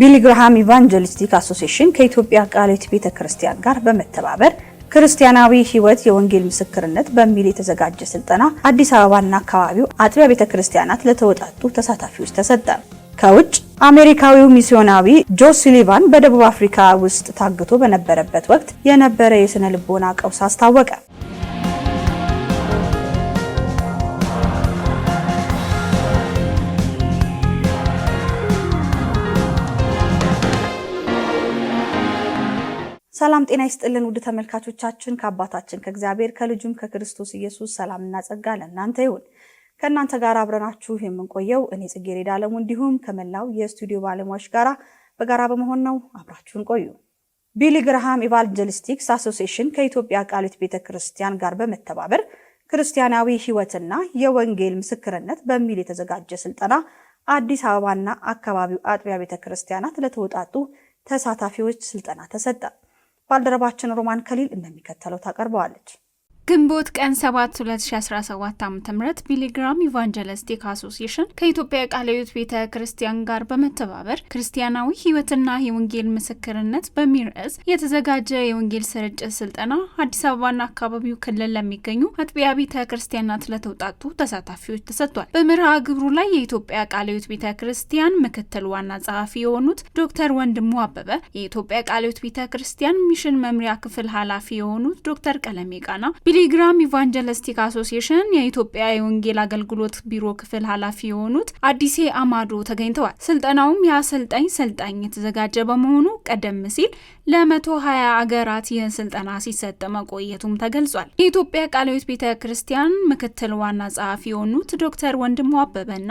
ቢሊግርሃም ኢቫንጀሊስቲክ አሶሴሽን ከኢትዮጵያ ቃሊቲ ቤተ ክርስቲያን ጋር በመተባበር ክርስቲያናዊ ሕይወት የወንጌል ምስክርነት በሚል የተዘጋጀ ስልጠና አዲስ አበባና አካባቢው አጥቢያ ቤተ ክርስቲያናት ለተወጣጡ ተሳታፊዎች ተሰጠ። ከውጭ አሜሪካዊው ሚስዮናዊ ጆ ሲሊቫን በደቡብ አፍሪካ ውስጥ ታግቶ በነበረበት ወቅት የነበረ የሥነ ልቦና ቀውስ አስታወቀ። ሰላም ጤና ይስጥልን ውድ ተመልካቾቻችን፣ ከአባታችን ከእግዚአብሔር ከልጁም ከክርስቶስ ኢየሱስ ሰላም ጸጋ ለእናንተ ይሁን። ከእናንተ ጋር አብረናችሁ የምንቆየው እኔ ጽጌረዳ አለሙ እንዲሁም ከመላው የስቱዲዮ ባለሙያዎች ጋራ በጋራ በመሆን ነው። አብራችሁን ቆዩ። ቢሊ ግርሃም ኢቫንጀሊስቲክስ አሶሲሽን ከኢትዮጵያ ቃሊት ቤተ ክርስቲያን ጋር በመተባበር ክርስቲያናዊ ሕይወትና የወንጌል ምስክርነት በሚል የተዘጋጀ ስልጠና አዲስ አበባና አካባቢው አጥቢያ ቤተ ክርስቲያናት ለተወጣጡ ተሳታፊዎች ስልጠና ተሰጠ። ባልደረባችን ሮማን ከሊል እንደሚከተለው ታቀርበዋለች። ግንቦት ቀን 7 2017 ዓ ም ቢሊግራም ኢቫንጀሊስቲክ አሶሲሽን ከኢትዮጵያ ቃለ ሕይወት ቤተ ክርስቲያን ጋር በመተባበር ክርስቲያናዊ ሕይወትና የወንጌል ምስክርነት በሚል ርዕስ የተዘጋጀ የወንጌል ስርጭት ስልጠና አዲስ አበባና አካባቢው ክልል ለሚገኙ አጥቢያ ቤተ ክርስቲያናት ለተውጣጡ ተሳታፊዎች ተሰጥቷል። በመርሃ ግብሩ ላይ የኢትዮጵያ ቃለ ሕይወት ቤተ ክርስቲያን ምክትል ዋና ጸሐፊ የሆኑት ዶክተር ወንድሙ አበበ፣ የኢትዮጵያ ቃለ ሕይወት ቤተ ክርስቲያን ሚሽን መምሪያ ክፍል ኃላፊ የሆኑት ዶክተር ቀለሜ ቃና ቢሊግራም ኢቫንጀሊስቲክ አሶሲሽን የኢትዮጵያ የወንጌል አገልግሎት ቢሮ ክፍል ኃላፊ የሆኑት አዲሴ አማዶ ተገኝተዋል። ስልጠናውም የአሰልጣኝ ሰልጣኝ የተዘጋጀ በመሆኑ ቀደም ሲል ለመቶ ሀያ አገራት ይህን ስልጠና ሲሰጥ መቆየቱም ተገልጿል። የኢትዮጵያ ቃለ ሕይወት ቤተ ክርስቲያን ምክትል ዋና ጸሐፊ የሆኑት ዶክተር ወንድሙ አበበና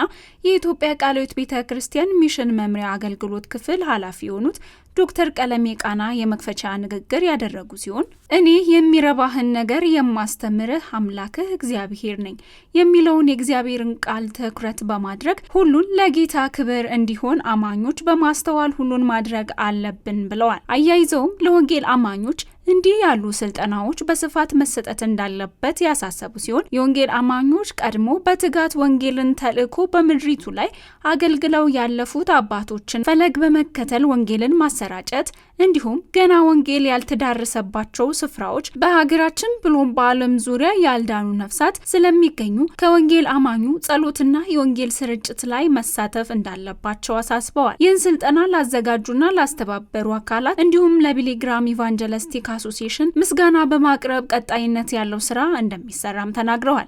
የኢትዮጵያ ቃለ ሕይወት ቤተ ክርስቲያን ሚሽን መምሪያ አገልግሎት ክፍል ኃላፊ የሆኑት ዶክተር ቀለሜ ቃና የመክፈቻ ንግግር ያደረጉ ሲሆን እኔ የሚረባህን ነገር የማስተምርህ አምላክህ እግዚአብሔር ነኝ የሚለውን የእግዚአብሔርን ቃል ትኩረት በማድረግ ሁሉን ለጌታ ክብር እንዲሆን አማኞች በማስተዋል ሁሉን ማድረግ አለብን ብለዋል። አያይዘውም ለወንጌል አማኞች እንዲህ ያሉ ስልጠናዎች በስፋት መሰጠት እንዳለበት ያሳሰቡ ሲሆን የወንጌል አማኞች ቀድሞ በትጋት ወንጌልን ተልእኮ በምድሪቱ ላይ አገልግለው ያለፉት አባቶችን ፈለግ በመከተል ወንጌልን ማሰራጨት እንዲሁም ገና ወንጌል ያልተዳረሰባቸው ስፍራዎች በሀገራችን ብሎም በዓለም ዙሪያ ያልዳኑ ነፍሳት ስለሚገኙ ከወንጌል አማኙ ጸሎትና የወንጌል ስርጭት ላይ መሳተፍ እንዳለባቸው አሳስበዋል። ይህን ስልጠና ላዘጋጁና ላስተባበሩ አካላት እንዲሁም ለቢሊግራም ኢቫንጀለስቲካ አሶሲሽን ምስጋና በማቅረብ ቀጣይነት ያለው ስራ እንደሚሰራም ተናግረዋል።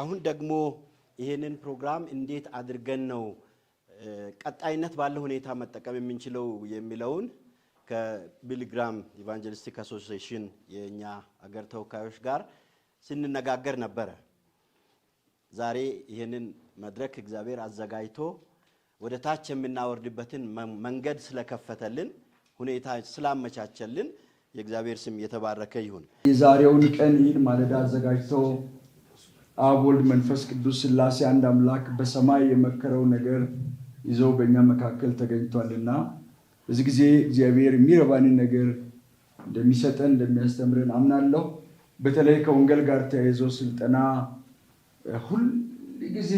አሁን ደግሞ ይህንን ፕሮግራም እንዴት አድርገን ነው ቀጣይነት ባለው ሁኔታ መጠቀም የምንችለው የሚለውን ከቢልግራም ኢቫንጀሊስቲክ አሶሲሽን የእኛ አገር ተወካዮች ጋር ስንነጋገር ነበረ። ዛሬ ይህንን መድረክ እግዚአብሔር አዘጋጅቶ ወደ ታች የምናወርድበትን መንገድ ስለከፈተልን ሁኔታ ስላመቻቸልን የእግዚአብሔር ስም እየተባረከ ይሁን። የዛሬውን ቀን ይህን ማለዳ አዘጋጅተው አብ ወልድ መንፈስ ቅዱስ ስላሴ አንድ አምላክ በሰማይ የመከረው ነገር ይዘው በእኛ መካከል ተገኝቷልና በዚህ ጊዜ እግዚአብሔር የሚረባንን ነገር እንደሚሰጠን እንደሚያስተምረን አምናለሁ። በተለይ ከወንጌል ጋር ተያይዞ ስልጠና ሁል ጊዜ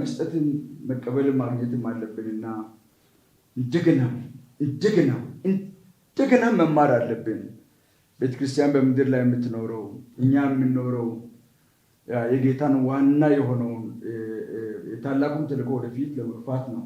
መስጠትን መቀበልን ማግኘትም አለብንና እንደገና እንደገና እንደገና መማር አለብን። ቤተ ክርስቲያን በምድር ላይ የምትኖረው እኛ የምንኖረው የጌታን ዋና የሆነውን የታላቁን ተልዕኮ ወደፊት ለመግፋት ነው።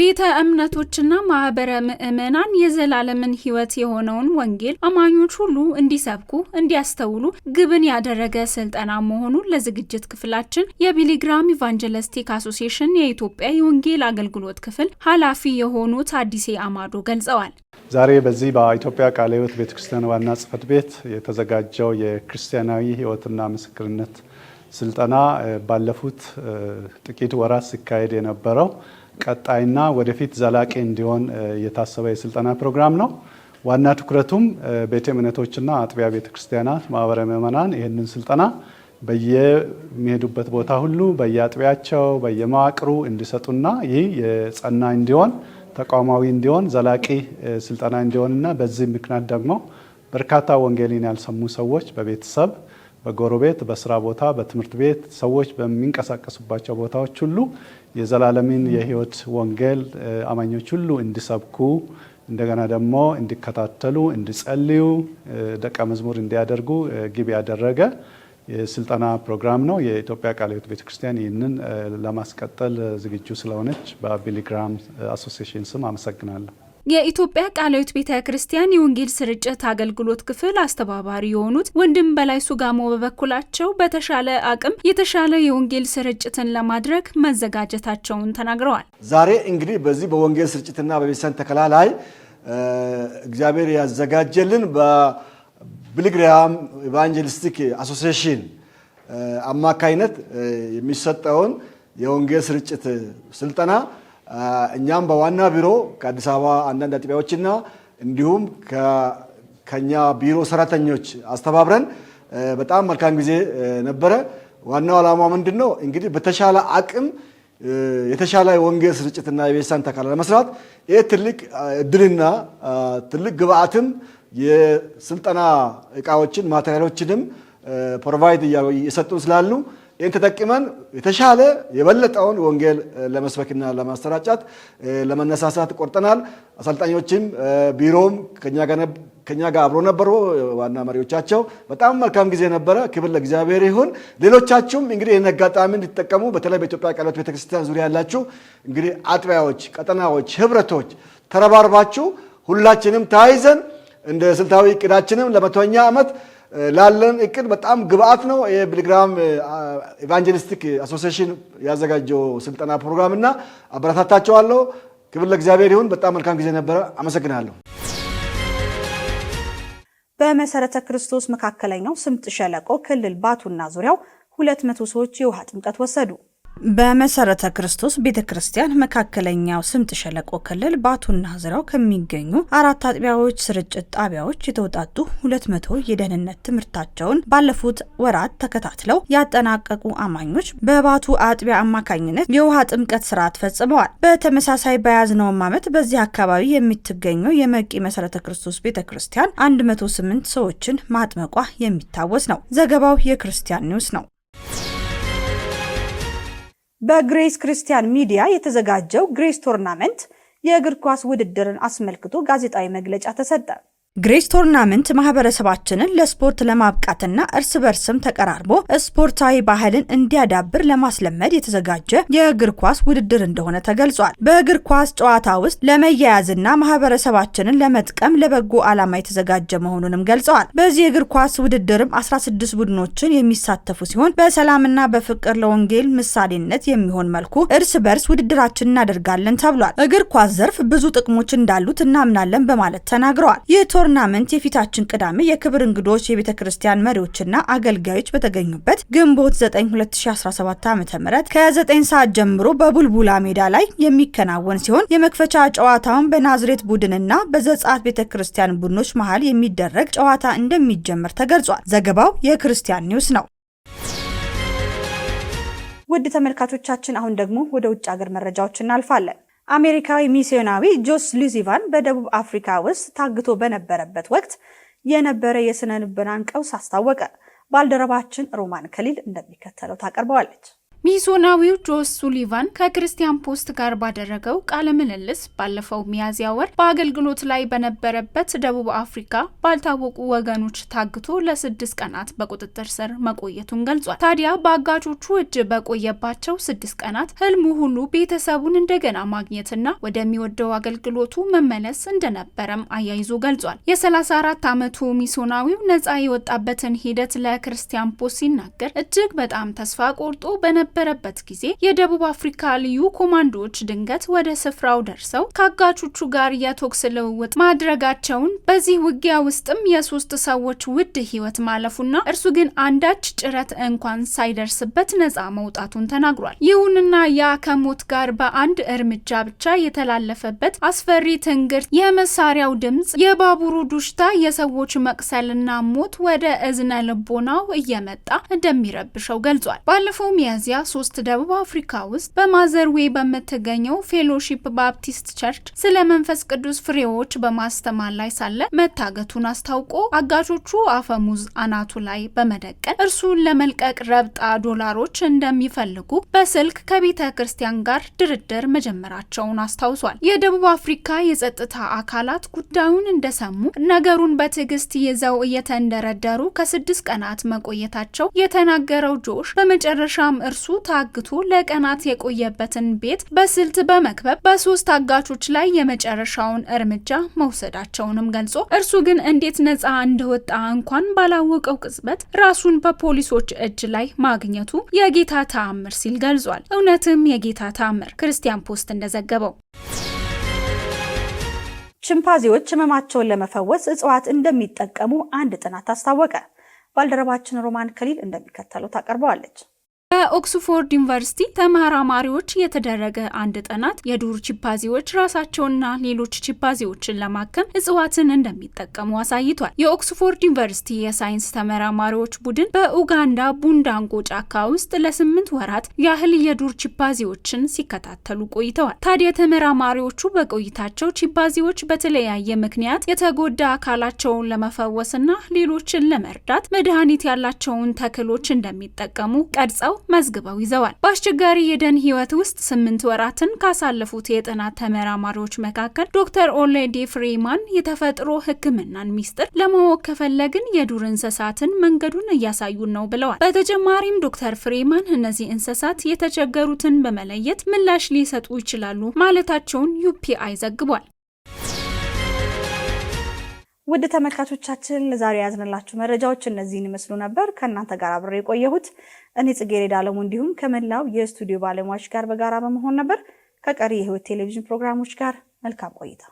ቤተ እምነቶችና ማህበረ ምዕመናን የዘላለምን ሕይወት የሆነውን ወንጌል አማኞች ሁሉ እንዲሰብኩ እንዲያስተውሉ ግብን ያደረገ ስልጠና መሆኑን ለዝግጅት ክፍላችን የቢሊግራም ኢቫንጀለስቲክ አሶሲሽን የኢትዮጵያ የወንጌል አገልግሎት ክፍል ኃላፊ የሆኑት አዲሴ አማዶ ገልጸዋል። ዛሬ በዚህ በኢትዮጵያ ቃለ ሕይወት ቤተክርስቲያን ዋና ጽሕፈት ቤት የተዘጋጀው የክርስቲያናዊ ሕይወትና ምስክርነት ስልጠና ባለፉት ጥቂት ወራት ሲካሄድ የነበረው ቀጣይና ወደፊት ዘላቂ እንዲሆን የታሰበ የስልጠና ፕሮግራም ነው። ዋና ትኩረቱም ቤተ እምነቶችና አጥቢያ ቤተ ክርስቲያናት ማህበረ ምዕመናን ይህንን ስልጠና በየሚሄዱበት ቦታ ሁሉ በየአጥቢያቸው በየመዋቅሩ እንዲሰጡና ይህ የጸና እንዲሆን ተቋማዊ እንዲሆን ዘላቂ ስልጠና እንዲሆንና በዚህ ምክንያት ደግሞ በርካታ ወንጌልን ያልሰሙ ሰዎች በቤተሰብ በጎረቤት፣ በስራ ቦታ፣ በትምህርት ቤት ሰዎች በሚንቀሳቀሱባቸው ቦታዎች ሁሉ የዘላለምን የህይወት ወንጌል አማኞች ሁሉ እንዲሰብኩ እንደገና ደግሞ እንዲከታተሉ፣ እንዲጸልዩ፣ ደቀ መዝሙር እንዲያደርጉ ግብ ያደረገ የስልጠና ፕሮግራም ነው። የኢትዮጵያ ቃለ ሕይወት ቤተክርስቲያን ይህንን ለማስቀጠል ዝግጁ ስለሆነች በቢሊግራም አሶሲሽን ስም አመሰግናለሁ። የኢትዮጵያ ቃላዊት ቤተ ክርስቲያን የወንጌል ስርጭት አገልግሎት ክፍል አስተባባሪ የሆኑት ወንድም በላይ ሱጋሞ በበኩላቸው በተሻለ አቅም የተሻለ የወንጌል ስርጭትን ለማድረግ መዘጋጀታቸውን ተናግረዋል። ዛሬ እንግዲህ በዚህ በወንጌል ስርጭትና በቤተሰን ተከላ ላይ እግዚአብሔር ያዘጋጀልን በብልግሪያም ኢቫንጀሊስቲክ አሶሲሽን አማካይነት የሚሰጠውን የወንጌል ስርጭት ስልጠና እኛም በዋና ቢሮ ከአዲስ አበባ አንዳንድ አጥቢያዎችና እንዲሁም ከኛ ቢሮ ሰራተኞች አስተባብረን በጣም መልካም ጊዜ ነበረ። ዋናው ዓላማ ምንድን ነው እንግዲህ በተሻለ አቅም የተሻለ ወንጌል ስርጭትና የቤተሳን ተካላ ለመስራት ይህ ትልቅ እድልና ትልቅ ግብአትም የስልጠና እቃዎችን ማቴሪያሎችንም ፕሮቫይድ እየሰጡን ስላሉ ይህን ተጠቅመን የተሻለ የበለጠውን ወንጌል ለመስበክና ለማሰራጫት ለመነሳሳት ቆርጠናል። አሰልጣኞችም ቢሮም ከኛ ጋር አብሮ ነበሩ። ዋና መሪዎቻቸው በጣም መልካም ጊዜ ነበረ። ክብር ለእግዚአብሔር ይሁን። ሌሎቻችሁም እንግዲህ ይህን አጋጣሚ እንዲጠቀሙ በተለይ በኢትዮጵያ ቃለ ሕይወት ቤተክርስቲያን ዙሪያ ያላችሁ እንግዲህ አጥቢያዎች፣ ቀጠናዎች፣ ህብረቶች ተረባርባችሁ ሁላችንም ተያይዘን እንደ ስልታዊ እቅዳችንም ለመቶኛ ዓመት ላለን እቅድ በጣም ግብአት ነው። የቢሊግራም ኢቫንጀሊስቲክ አሶሲሽን ያዘጋጀው ስልጠና ፕሮግራም እና አበረታታቸዋለሁ። ክብር ለእግዚአብሔር ይሁን። በጣም መልካም ጊዜ ነበረ። አመሰግናለሁ። በመሰረተ ክርስቶስ መካከለኛው ስምጥ ሸለቆ ክልል ባቱና ዙሪያው ሁለት መቶ ሰዎች የውሃ ጥምቀት ወሰዱ። በመሰረተ ክርስቶስ ቤተ ክርስቲያን መካከለኛው ስምጥ ሸለቆ ክልል ባቱና ዙሪያው ከሚገኙ አራት አጥቢያዎች ስርጭት ጣቢያዎች የተውጣጡ ሁለት መቶ የደህንነት ትምህርታቸውን ባለፉት ወራት ተከታትለው ያጠናቀቁ አማኞች በባቱ አጥቢያ አማካኝነት የውሃ ጥምቀት ስርዓት ፈጽመዋል። በተመሳሳይ በያዝነውም ዓመት በዚህ አካባቢ የምትገኘው የመቂ መሰረተ ክርስቶስ ቤተ ክርስቲያን 108 ሰዎችን ማጥመቋ የሚታወስ ነው። ዘገባው የክርስቲያን ኒውስ ነው። በግሬስ ክርስቲያን ሚዲያ የተዘጋጀው ግሬስ ቶርናመንት የእግር ኳስ ውድድርን አስመልክቶ ጋዜጣዊ መግለጫ ተሰጠ። ግሬስ ቶርናመንት ማህበረሰባችንን ለስፖርት ለማብቃትና እርስ በርስም ተቀራርቦ ስፖርታዊ ባህልን እንዲያዳብር ለማስለመድ የተዘጋጀ የእግር ኳስ ውድድር እንደሆነ ተገልጿል። በእግር ኳስ ጨዋታ ውስጥ ለመያያዝና ማህበረሰባችንን ለመጥቀም ለበጎ ዓላማ የተዘጋጀ መሆኑንም ገልጸዋል። በዚህ እግር ኳስ ውድድርም 16 ቡድኖችን የሚሳተፉ ሲሆን በሰላምና በፍቅር ለወንጌል ምሳሌነት የሚሆን መልኩ እርስ በርስ ውድድራችን እናደርጋለን ተብሏል። እግር ኳስ ዘርፍ ብዙ ጥቅሞች እንዳሉት እናምናለን በማለት ተናግረዋል። ቶርናመንት የፊታችን ቅዳሜ የክብር እንግዶች የቤተ ክርስቲያን መሪዎችና አገልጋዮች በተገኙበት ግንቦት 9 2017 ዓ ም ከ9 ሰዓት ጀምሮ በቡልቡላ ሜዳ ላይ የሚከናወን ሲሆን የመክፈቻ ጨዋታውን በናዝሬት ቡድንና በዘጻት ቤተ ክርስቲያን ቡድኖች መሀል የሚደረግ ጨዋታ እንደሚጀመር ተገልጿል። ዘገባው የክርስቲያን ኒውስ ነው። ውድ ተመልካቾቻችን አሁን ደግሞ ወደ ውጭ ሀገር መረጃዎች እናልፋለን። አሜሪካዊ ሚስዮናዊ ጆስ ሉዚቫን በደቡብ አፍሪካ ውስጥ ታግቶ በነበረበት ወቅት የነበረ የስነ ልቦናን ቀውስ አስታወቀ። ባልደረባችን ሮማን ከሊል እንደሚከተለው ታቀርበዋለች። ሚዞናዊው ጆስ ሱሊቫን ከክርስቲያን ፖስት ጋር ባደረገው ቃለ ምልልስ ባለፈው ሚያዝያ ወር በአገልግሎት ላይ በነበረበት ደቡብ አፍሪካ ባልታወቁ ወገኖች ታግቶ ለስድስት ቀናት በቁጥጥር ስር መቆየቱን ገልጿል። ታዲያ በአጋቾቹ እጅ በቆየባቸው ስድስት ቀናት ህልሙ ሁሉ ቤተሰቡን እንደገና ማግኘትና ወደሚወደው አገልግሎቱ መመለስ እንደነበረም አያይዞ ገልጿል። የ34 ዓመቱ ሚሶናዊው ነፃ የወጣበትን ሂደት ለክርስቲያን ፖስት ሲናገር እጅግ በጣም ተስፋ ቆርጦ በነበ በነበረበት ጊዜ የደቡብ አፍሪካ ልዩ ኮማንዶዎች ድንገት ወደ ስፍራው ደርሰው ከአጋቾቹ ጋር የተኩስ ልውውጥ ማድረጋቸውን፣ በዚህ ውጊያ ውስጥም የሶስት ሰዎች ውድ ህይወት ማለፉና እርሱ ግን አንዳች ጭረት እንኳን ሳይደርስበት ነጻ መውጣቱን ተናግሯል። ይሁንና ያ ከሞት ጋር በአንድ እርምጃ ብቻ የተላለፈበት አስፈሪ ትንግርት፣ የመሳሪያው ድምፅ፣ የባቡሩ ዱሽታ፣ የሰዎች መቅሰልና ሞት ወደ እዝነ ልቦናው እየመጣ እንደሚረብሸው ገልጿል። ባለፈው ሚያዝያ ሶስት ደቡብ አፍሪካ ውስጥ በማዘርዌ በምትገኘው ፌሎሺፕ ባፕቲስት ቸርች ስለ መንፈስ ቅዱስ ፍሬዎች በማስተማር ላይ ሳለ መታገቱን አስታውቆ አጋቾቹ አፈሙዝ አናቱ ላይ በመደቀን እርሱን ለመልቀቅ ረብጣ ዶላሮች እንደሚፈልጉ በስልክ ከቤተ ክርስቲያን ጋር ድርድር መጀመራቸውን አስታውሷል። የደቡብ አፍሪካ የጸጥታ አካላት ጉዳዩን እንደሰሙ ነገሩን በትዕግስት ይዘው እየተንደረደሩ ከስድስት ቀናት መቆየታቸው የተናገረው ጆሽ በመጨረሻም እርሱ ታግቶ ለቀናት የቆየበትን ቤት በስልት በመክበብ በሶስት አጋቾች ላይ የመጨረሻውን እርምጃ መውሰዳቸውንም ገልጾ እርሱ ግን እንዴት ነፃ እንደወጣ እንኳን ባላወቀው ቅጽበት ራሱን በፖሊሶች እጅ ላይ ማግኘቱ የጌታ ተአምር ሲል ገልጿል። እውነትም የጌታ ተአምር። ክርስቲያን ፖስት እንደዘገበው ቺምፓንዚዎች ህመማቸውን ለመፈወስ እጽዋት እንደሚጠቀሙ አንድ ጥናት አስታወቀ። ባልደረባችን ሮማን ከሊል እንደሚከተለው ታቀርበዋለች። በኦክስፎርድ ዩኒቨርሲቲ ተመራማሪዎች የተደረገ አንድ ጥናት የዱር ቺምፓንዚዎች ራሳቸውና ሌሎች ቺምፓንዚዎችን ለማከም እጽዋትን እንደሚጠቀሙ አሳይቷል። የኦክስፎርድ ዩኒቨርሲቲ የሳይንስ ተመራማሪዎች ቡድን በኡጋንዳ ቡንዳንጎ ጫካ ውስጥ ለስምንት ወራት ያህል የዱር ቺምፓንዚዎችን ሲከታተሉ ቆይተዋል። ታዲያ ተመራማሪዎቹ በቆይታቸው ቺምፓንዚዎች በተለያየ ምክንያት የተጎዳ አካላቸውን ለመፈወስና ሌሎችን ለመርዳት መድኃኒት ያላቸውን ተክሎች እንደሚጠቀሙ ቀድጸው መዝግበው ይዘዋል። በአስቸጋሪ የደን ህይወት ውስጥ ስምንት ወራትን ካሳለፉት የጥናት ተመራማሪዎች መካከል ዶክተር ኦሌዲ ፍሪማን የተፈጥሮ ሕክምናን ሚስጥር ለማወቅ ከፈለግን የዱር እንስሳትን መንገዱን እያሳዩን ነው ብለዋል። በተጨማሪም ዶክተር ፍሪማን እነዚህ እንስሳት የተቸገሩትን በመለየት ምላሽ ሊሰጡ ይችላሉ ማለታቸውን ዩፒአይ ዘግቧል። ውድ ተመልካቾቻችን ለዛሬ ያዝንላችሁ መረጃዎች እነዚህን ይመስሉ ነበር። ከእናንተ ጋር አብሬ የቆየሁት እኔ ጽጌረዳ አለሙ እንዲሁም ከመላው የስቱዲዮ ባለሙያዎች ጋር በጋራ በመሆን ነበር። ከቀሪ የህይወት ቴሌቪዥን ፕሮግራሞች ጋር መልካም ቆይታ